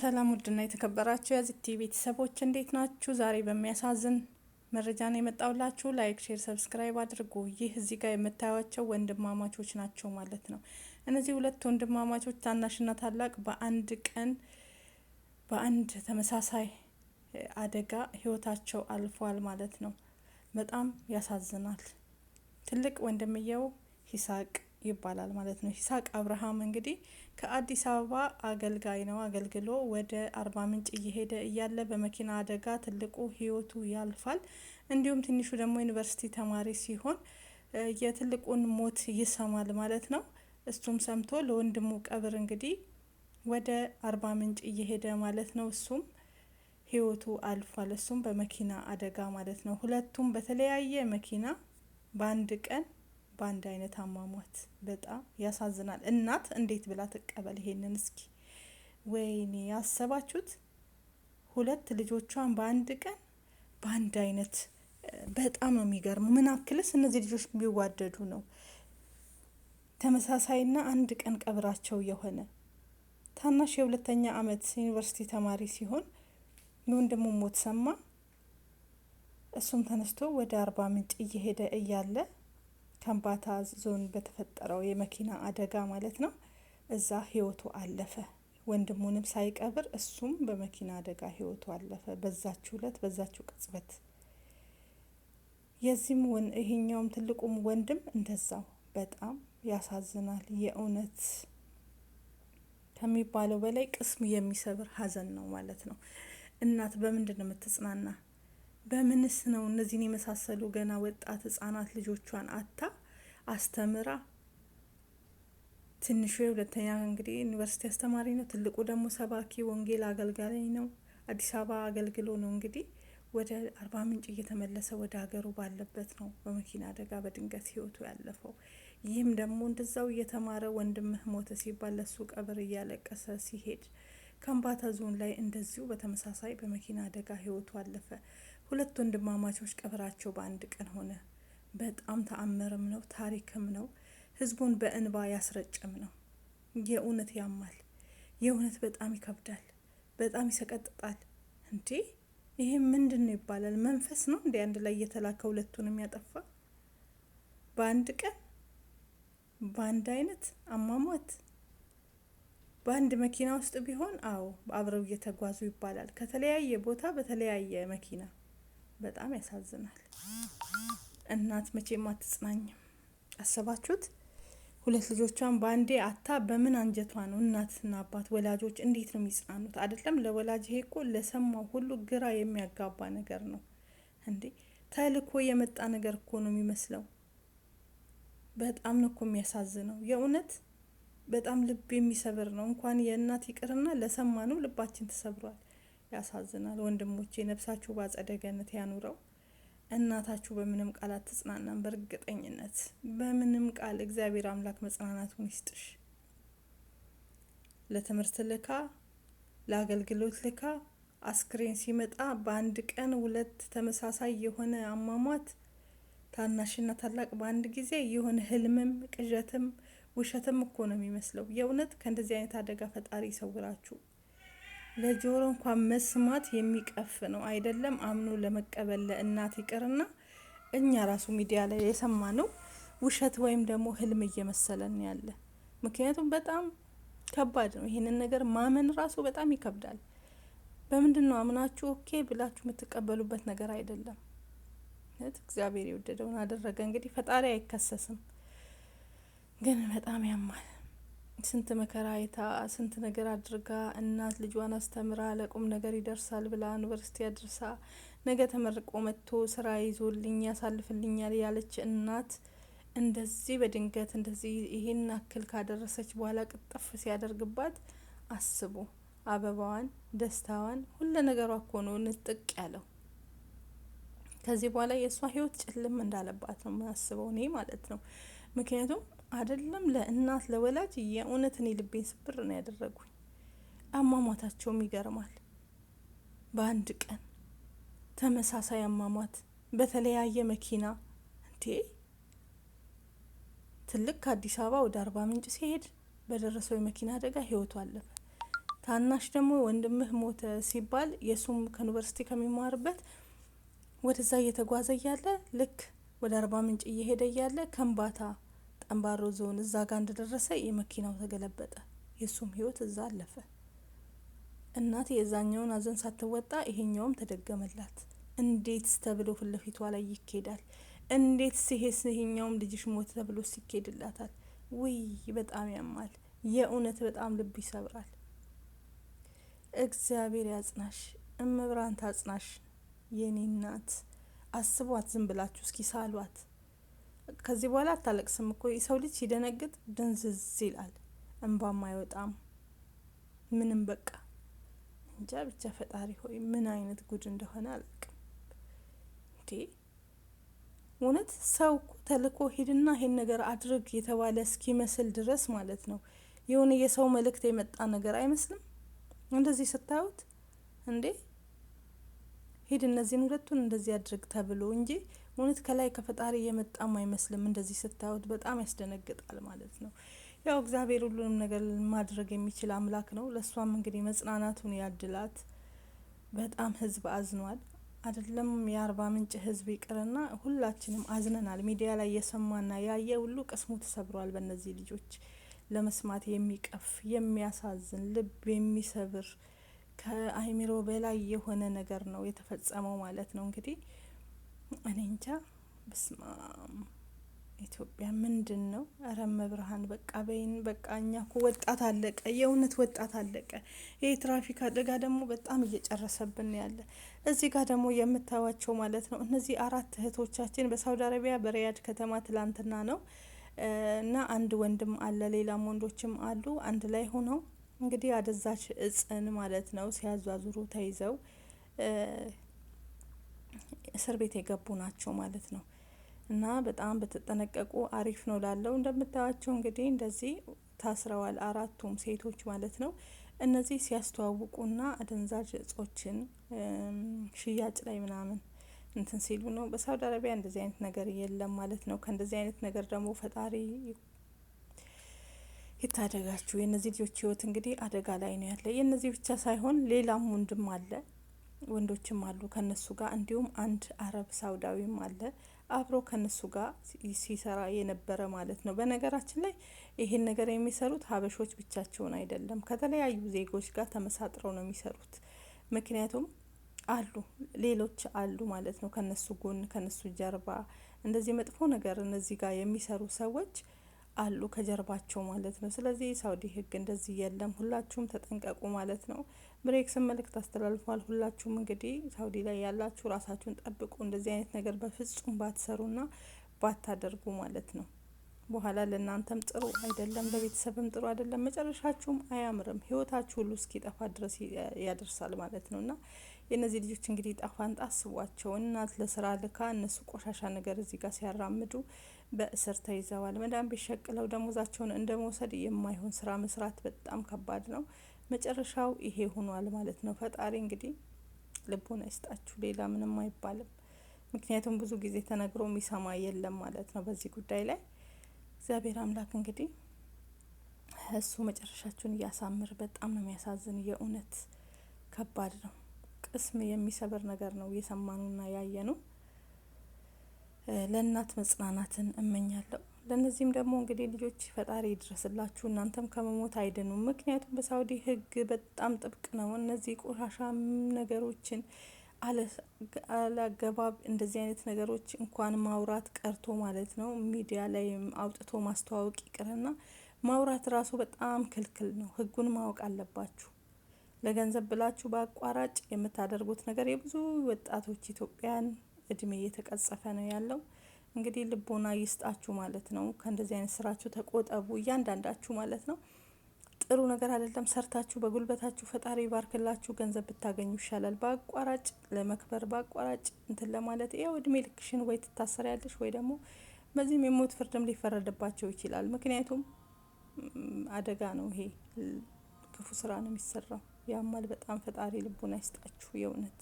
ሰላም ውድና የተከበራችሁ ቲቪ ቤተሰቦች እንዴት ናችሁ? ዛሬ በሚያሳዝን መረጃ ነው የመጣውላችሁ። ላይክ፣ ሼር፣ ሰብስክራይብ አድርጉ። ይህ እዚህ ጋር የምታዩቸው ወንድማማቾች ናቸው ማለት ነው። እነዚህ ሁለት ወንድማማቾች ታናሽና ታላቅ በአንድ ቀን በአንድ ተመሳሳይ አደጋ ህይወታቸው አልፏል ማለት ነው። በጣም ያሳዝናል። ትልቅ ወንድምየው ሂሳቅ ይባላል ማለት ነው። ይስሐቅ አብርሃም እንግዲህ ከአዲስ አበባ አገልጋይ ነው። አገልግሎ ወደ አርባ ምንጭ እየሄደ እያለ በመኪና አደጋ ትልቁ ህይወቱ ያልፋል። እንዲሁም ትንሹ ደግሞ ዩኒቨርሲቲ ተማሪ ሲሆን የትልቁን ሞት ይሰማል ማለት ነው። እሱም ሰምቶ ለወንድሙ ቀብር እንግዲህ ወደ አርባ ምንጭ እየሄደ ማለት ነው። እሱም ህይወቱ አልፏል። እሱም በመኪና አደጋ ማለት ነው። ሁለቱም በተለያየ መኪና በአንድ ቀን በአንድ አይነት አሟሟት በጣም ያሳዝናል። እናት እንዴት ብላ ትቀበል ይሄንን? እስኪ ወይኔ ያሰባችሁት ሁለት ልጆቿን በአንድ ቀን በአንድ አይነት በጣም ነው የሚገርመው። ምን አክልስ እነዚህ ልጆች ቢዋደዱ ነው ተመሳሳይና አንድ ቀን ቀብራቸው የሆነ ታናሽ የሁለተኛ አመት ዩኒቨርሲቲ ተማሪ ሲሆን የወንድሙ ሞት ሰማ። እሱም ተነስቶ ወደ አርባ ምንጭ እየሄደ እያለ ከምባታ ዞን በተፈጠረው የመኪና አደጋ ማለት ነው እዛ ህይወቱ አለፈ። ወንድሙንም ሳይቀብር እሱም በመኪና አደጋ ህይወቱ አለፈ። በዛችው እለት በዛችው ቅጽበት የዚህም ይሄኛውም ትልቁም ወንድም እንደዛው በጣም ያሳዝናል። የእውነት ከሚባለው በላይ ቅስም የሚሰብር ሀዘን ነው ማለት ነው። እናት በምንድን ነው የምትጽናና? በምንስ ነው እነዚህን የመሳሰሉ ገና ወጣት ህጻናት ልጆቿን አታ አስተምራ ትንሹ የሁለተኛ እንግዲህ ዩኒቨርሲቲ አስተማሪ ነው። ትልቁ ደግሞ ሰባኪ ወንጌል አገልጋይ ነው። አዲስ አበባ አገልግሎ ነው እንግዲህ ወደ አርባ ምንጭ እየተመለሰ ወደ ሀገሩ ባለበት ነው በመኪና አደጋ በድንገት ህይወቱ ያለፈው። ይህም ደግሞ እንደዛው እየተማረ ወንድምህ ሞተ ሲባል ለሱ ቀብር እያለቀሰ ሲሄድ ከምባታ ዞን ላይ እንደዚሁ በተመሳሳይ በመኪና አደጋ ህይወቱ አለፈ። ሁለት ወንድማማቾች ቀብራቸው በአንድ ቀን ሆነ። በጣም ተአምርም ነው፣ ታሪክም ነው። ህዝቡን በእንባ ያስረጭም ነው። የእውነት ያማል። የእውነት በጣም ይከብዳል። በጣም ይሰቀጥጣል። እንዴ ይሄ ምንድን ነው ይባላል። መንፈስ ነው እንዴ አንድ ላይ እየተላከ ሁለቱን የሚያጠፋ በአንድ ቀን በአንድ አይነት አሟሟት በአንድ መኪና ውስጥ ቢሆን አዎ አብረው እየተጓዙ ይባላል። ከተለያየ ቦታ በተለያየ መኪና በጣም ያሳዝናል። እናት መቼም አትጽናኝም። አሰባችሁት? ሁለት ልጆቿን በአንዴ አታ በምን አንጀቷ ነው እናትና አባት ወላጆች እንዴት ነው የሚጽናኑት? አይደለም ለወላጅ ይሄ እኮ ለሰማው ሁሉ ግራ የሚያጋባ ነገር ነው እንዴ! ተልኮ የመጣ ነገር እኮ ነው የሚመስለው። በጣም ነው እኮ የሚያሳዝነው የእውነት በጣም ልብ የሚሰብር ነው። እንኳን የእናት ይቅርና ለሰማ ነው ልባችን ተሰብሯል። ያሳዝናል። ወንድሞቼ ነፍሳችሁ በአጸደ ገነት ያኑረው። እናታችሁ በምንም ቃል አትጽናናም። በእርግጠኝነት በምንም ቃል እግዚአብሔር አምላክ መጽናናቱን ይስጥሽ። ለትምህርት ልካ ለአገልግሎት ልካ አስክሬን ሲመጣ በአንድ ቀን ሁለት ተመሳሳይ የሆነ አሟሟት ታናሽና ታላቅ በአንድ ጊዜ የሆነ ህልምም ቅዠትም ውሸትም እኮ ነው የሚመስለው። የእውነት ከእንደዚህ አይነት አደጋ ፈጣሪ ይሰውራችሁ። ለጆሮ እንኳን መስማት የሚቀፍ ነው አይደለም። አምኖ ለመቀበል ለእናት ይቅርና እኛ ራሱ ሚዲያ ላይ የሰማነው ውሸት ወይም ደግሞ ህልም እየመሰለን ያለ። ምክንያቱም በጣም ከባድ ነው። ይህንን ነገር ማመን ራሱ በጣም ይከብዳል። በምንድን ነው አምናችሁ ኦኬ ብላችሁ የምትቀበሉበት ነገር አይደለም። እግዚአብሔር የወደደውን አደረገ። እንግዲህ ፈጣሪ አይከሰስም፣ ግን በጣም ያማል። ስንት መከራ አይታ ስንት ነገር አድርጋ እናት ልጇን አስተምራ ለቁም ነገር ይደርሳል ብላ ዩኒቨርሲቲ አድርሳ ነገ ተመርቆ መጥቶ ስራ ይዞልኝ ያሳልፍልኛል ያለች እናት እንደዚህ በድንገት እንደዚህ ይሄን አክል ካደረሰች በኋላ ቅጥፍ ሲያደርግባት አስቡ። አበባዋን፣ ደስታዋን፣ ሁለ ነገሯ እኮ ነው ንጥቅ ያለው። ከዚህ በኋላ የእሷ ህይወት ጭልም እንዳለባት ነው ማስበው እኔ ማለት ነው ምክንያቱም አይደለም ለእናት ለወላጅ የእውነት እኔ ልቤን ስብር ነው ያደረጉኝ። አሟሟታቸውም ይገርማል። በአንድ ቀን ተመሳሳይ አሟሟት በተለያየ መኪና እንዴ! ትልቅ ከአዲስ አበባ ወደ አርባ ምንጭ ሲሄድ በደረሰው የመኪና አደጋ ህይወቱ አለፈ። ታናሽ ደግሞ ወንድምህ ሞተ ሲባል የእሱም ከዩኒቨርሲቲ ከሚማርበት ወደዛ እየተጓዘ እያለ ልክ ወደ አርባ ምንጭ እየሄደ እያለ ከንባታ አንባሮ ዞን እዛ ጋር እንደደረሰ የመኪናው ተገለበጠ። የእሱም ህይወት እዛ አለፈ። እናት የዛኛውን ሀዘን ሳትወጣ ይሄኛውም ተደገመላት። እንዴትስ ተብሎ ፊት ለፊቷ ላይ ይኬዳል። እንዴት ሲሄስ ይሄኛውም ልጅሽ ሞት ተብሎ ሲኬድላታል። ውይ በጣም ያማል። የእውነት በጣም ልብ ይሰብራል። እግዚአብሔር ያጽናሽ፣ እመብርሃን ታጽናሽ። የኔ እናት አስቧት። ዝም ብላችሁ እስኪ ሳሏት። ከዚህ በኋላ አታለቅስም እኮ የሰው ልጅ ሲደነግጥ ድንዝዝ ይላል፣ እንባም አይወጣም። ምንም በቃ እንጃ ብቻ ፈጣሪ ሆይ ምን አይነት ጉድ እንደሆነ አላቅም። እንዴ እውነት ሰው እኮ ተልኮ ሂድና ይሄን ነገር አድርግ የተባለ እስኪመስል ድረስ ማለት ነው የሆነ የሰው መልእክት የመጣ ነገር አይመስልም። እንደዚህ ስታዩት እንዴ ሂድ እነዚህን ሁለቱን እንደዚህ አድርግ ተብሎ እንጂ እውነት ከላይ ከፈጣሪ የመጣም አይመስልም። እንደዚህ ስታዩት በጣም ያስደነግጣል ማለት ነው። ያው እግዚአብሔር ሁሉንም ነገር ማድረግ የሚችል አምላክ ነው። ለእሷም እንግዲህ መጽናናቱን ያድላት። በጣም ህዝብ አዝኗል። አይደለም የአርባ ምንጭ ህዝብ ይቅርና ሁላችንም አዝነናል። ሚዲያ ላይ የሰማና ያየ ሁሉ ቅስሙ ተሰብሯል። በእነዚህ ልጆች ለመስማት የሚቀፍ የሚያሳዝን ልብ የሚሰብር ከአይምሮ በላይ የሆነ ነገር ነው የተፈጸመው ማለት ነው እንግዲህ እኔ እንጃ በስማ ኢትዮጵያ ምንድን ነው? እረ መብርሃን በቃ በይን በቃ። እኛ ወጣት አለቀ፣ የእውነት ወጣት አለቀ። ይህ ትራፊክ አደጋ ደግሞ በጣም እየጨረሰብን ያለ። እዚህ ጋር ደግሞ የምታዩቸው ማለት ነው እነዚህ አራት እህቶቻችን በሳውዲ አረቢያ በሪያድ ከተማ ትላንትና ነው እና አንድ ወንድም አለ፣ ሌላም ወንዶችም አሉ። አንድ ላይ ሆነው እንግዲህ አደዛች እጽን ማለት ነው ሲያዟዙሩ ተይዘው እስር ቤት የገቡ ናቸው ማለት ነው። እና በጣም በተጠነቀቁ አሪፍ ነው ላለው እንደምታያቸው እንግዲህ እንደዚህ ታስረዋል። አራቱም ሴቶች ማለት ነው። እነዚህ ሲያስተዋውቁና አደንዛዥ እጾችን ሽያጭ ላይ ምናምን እንትን ሲሉ ነው። በሳውዲ አረቢያ እንደዚህ አይነት ነገር የለም ማለት ነው። ከእንደዚህ አይነት ነገር ደግሞ ፈጣሪ ይታደጋችሁ። የእነዚህ ልጆች ህይወት እንግዲህ አደጋ ላይ ነው ያለ። የእነዚህ ብቻ ሳይሆን ሌላም ወንድም አለ ወንዶችም አሉ ከነሱ ጋር እንዲሁም አንድ አረብ ሳውዳዊም አለ አብሮ ከነሱ ጋር ሲሰራ የነበረ ማለት ነው። በነገራችን ላይ ይሄን ነገር የሚሰሩት ሀበሾች ብቻቸውን አይደለም፣ ከተለያዩ ዜጎች ጋር ተመሳጥረው ነው የሚሰሩት። ምክንያቱም አሉ ሌሎች አሉ ማለት ነው ከነሱ ጎን ከነሱ ጀርባ እንደዚህ መጥፎ ነገር እነዚህ ጋር የሚሰሩ ሰዎች አሉ ከጀርባቸው ማለት ነው። ስለዚህ የሳውዲ ህግ እንደዚህ የለም፣ ሁላችሁም ተጠንቀቁ ማለት ነው። ብሬክስን መልእክት አስተላልፏል። ሁላችሁም እንግዲህ ሳውዲ ላይ ያላችሁ ራሳችሁን ጠብቁ፣ እንደዚህ አይነት ነገር በፍጹም ባትሰሩና ባታደርጉ ማለት ነው። በኋላ ለእናንተም ጥሩ አይደለም፣ ለቤተሰብም ጥሩ አይደለም፣ መጨረሻችሁም አያምርም። ህይወታችሁ ሁሉ እስኪጠፋ ድረስ ያደርሳል ማለት ነው እና የእነዚህ ልጆች እንግዲህ ጣፋንጣ አስቧቸው። እናት ለስራ ልካ እነሱ ቆሻሻ ነገር እዚህ ጋር ሲያራምዱ በእስር ተይዘዋል። መዳም ቢሸቅለው ደሞዛቸውን እንደ መውሰድ የማይሆን ስራ መስራት በጣም ከባድ ነው። መጨረሻው ይሄ ሆኗል ማለት ነው። ፈጣሪ እንግዲህ ልቦና ይስጣችሁ፣ ሌላ ምንም አይባልም። ምክንያቱም ብዙ ጊዜ ተነግሮ የሚሰማ የለም ማለት ነው በዚህ ጉዳይ ላይ እግዚአብሔር አምላክ እንግዲህ እሱ መጨረሻችሁን እያሳምር። በጣም ነው የሚያሳዝን፣ የእውነት ከባድ ነው። ቅስም የሚሰብር ነገር ነው እየሰማኑና ያየኑ። ለእናት መጽናናትን እመኛለሁ። ለእነዚህም ደግሞ እንግዲህ ልጆች ፈጣሪ ይድረስላችሁ፣ እናንተም ከመሞት አይድኑ። ምክንያቱም በሳውዲ ህግ በጣም ጥብቅ ነው። እነዚህ ቆሻሻ ነገሮችን አለአገባብ እንደዚህ አይነት ነገሮች እንኳን ማውራት ቀርቶ ማለት ነው ሚዲያ ላይ አውጥቶ ማስተዋወቅ ይቅርና ማውራት ራሱ በጣም ክልክል ነው። ህጉን ማወቅ አለባችሁ። ለገንዘብ ብላችሁ በአቋራጭ የምታደርጉት ነገር የብዙ ወጣቶች ኢትዮጵያን እድሜ እየተቀጸፈ ነው ያለው። እንግዲህ ልቦና ይስጣችሁ ማለት ነው። ከእንደዚህ አይነት ስራችሁ ተቆጠቡ እያንዳንዳችሁ ማለት ነው። ጥሩ ነገር አይደለም። ሰርታችሁ በጉልበታችሁ ፈጣሪ ባርክላችሁ ገንዘብ ብታገኙ ይሻላል። በአቋራጭ ለመክበር በአቋራጭ እንትን ለማለት ያው እድሜ ልክሽን ወይ ትታሰሪያለሽ ወይ ደግሞ በዚህም የሞት ፍርድም ሊፈረድባቸው ይችላል። ምክንያቱም አደጋ ነው ይሄ ክፉ ስራ ነው የሚሰራው። ያማል በጣም ፈጣሪ ልቡን አይስጣችሁ የእውነት